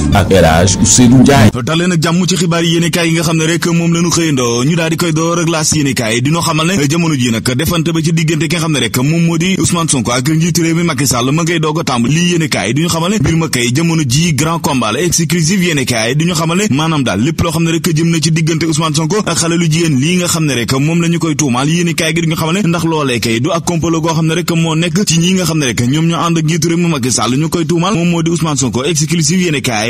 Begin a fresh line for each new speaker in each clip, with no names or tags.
Diouf ak El Hadj Ousseynou Ndiaye dalee nag jàmm ci xibaar yi yéenekaay yi nga xam ne rek moom lañu xëyandoo ñu daal di koy door ak laas yéenekaay dina xamal ne jamono ji nag defante ba ci diggante ki ne moom moo di Ousmane Sonko ak a tàmb lii yéenekaay maanaam daal lépp loo xam ne rek jëm na ci diggante Ousmane Sonko ak moom la ñu koy tuumaal yéenekaay gi di xamal ne ndax loolee kay du ak complot goo xam ne rek moo nekk ci ñi nga xam ne rek ñoom ñoo ànd ak njiitu réew mi Macky ñu koy tuumaal moom moo di Ousmane Sonko exclusif yéenekaay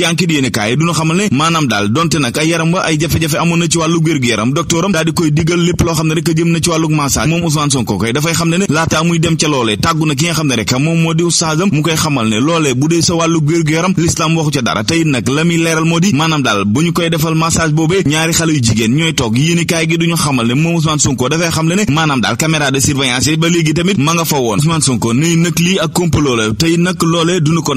ci enquête yéenekaay duñu xamal ne maanaam daal donte nag ay yaram wa ay jafe-jafe amoon na ci wàllu wér-gu-yaram docteuram daal di koy diggal lépp loo xam ne rek jëm na ci wàllu massage moom Ousmane Sonko koy dafay xam ne ne laataa muy dem ca loolee tàggu nag la muy leeral moo di maanaam daal bu ñu koy defal massage boobee ñaari xale yu jigéen ñooy toog yéenekaay gi duñu xamal ne moom Ousmane Sonko dafay xam ne ne maanaam daal caméra de surveillance yi ma nga fa woon Ousmane Sonko ne ko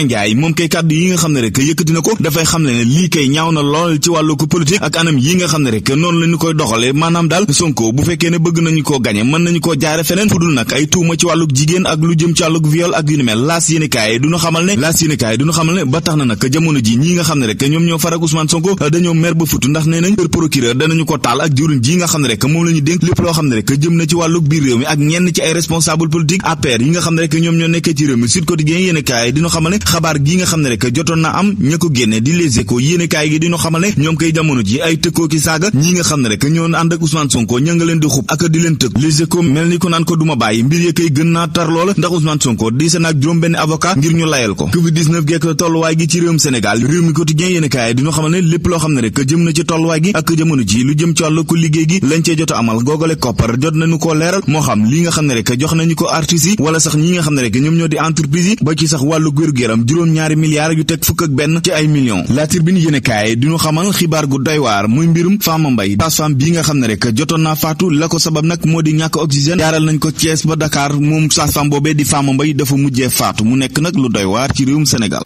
Ndiaga Ndiaye moom kay kàddu yi nga xam ne rek yëkkati na ko dafay xam ne ne lii kay ñaaw na lool ci wàllu ko politique ak anam yi nga xam ne rek noonu la koy doxale maanaam daal Sonko bu fekkee ne bëgg nañu koo gañe mën nañu koo jaare feneen fu dul ay tuuma ci wàllu jigéen ak lu jëm ci wàllu viol ak yu ni mel laas yéen kaay duñu xamal ne laas yéen kaay duñu xamal ne ba tax na nag jamono ji ñi nga xam ne rek ñoom ñoo farak Ousmane Sonko dañoo xabaar gii nga xam ne rek jotoon na am ña ko génne di les échos gi di xamal ne ñoom koy jamono ji ay nga xam ne rek ñoo leen di xub ak di leen tëkk les échos ko naan gi ci réewum Sénégal réew mi loo xam ne rek jëm na ci tolluwaay gi ak jamono ji lu a amal googale koppar jot ko leeral moo xam li nga xam ne rek jox nañu ko artistes yi wala sax ñi nga xam ne rek ñoom ñoo di entreprise yi ba ci sax wàllu wér gu yaram juróom-ñaari milliards yu teg fukk ak benn ci ay millions la tribune yéenekaay di ñu xamal xibaar gu doy waar muy mbirum Fama Mbaye sage-femme nga xam ne rek jotoon naa faatu la ko sabab nag moo di ñàkk oxygène jaaral nañ ko Thiès ba Dakar moom sage-femme boobee di Fama Mbaye dafa mujjee faatu mu nekk nag lu doy waar ci réewum senegal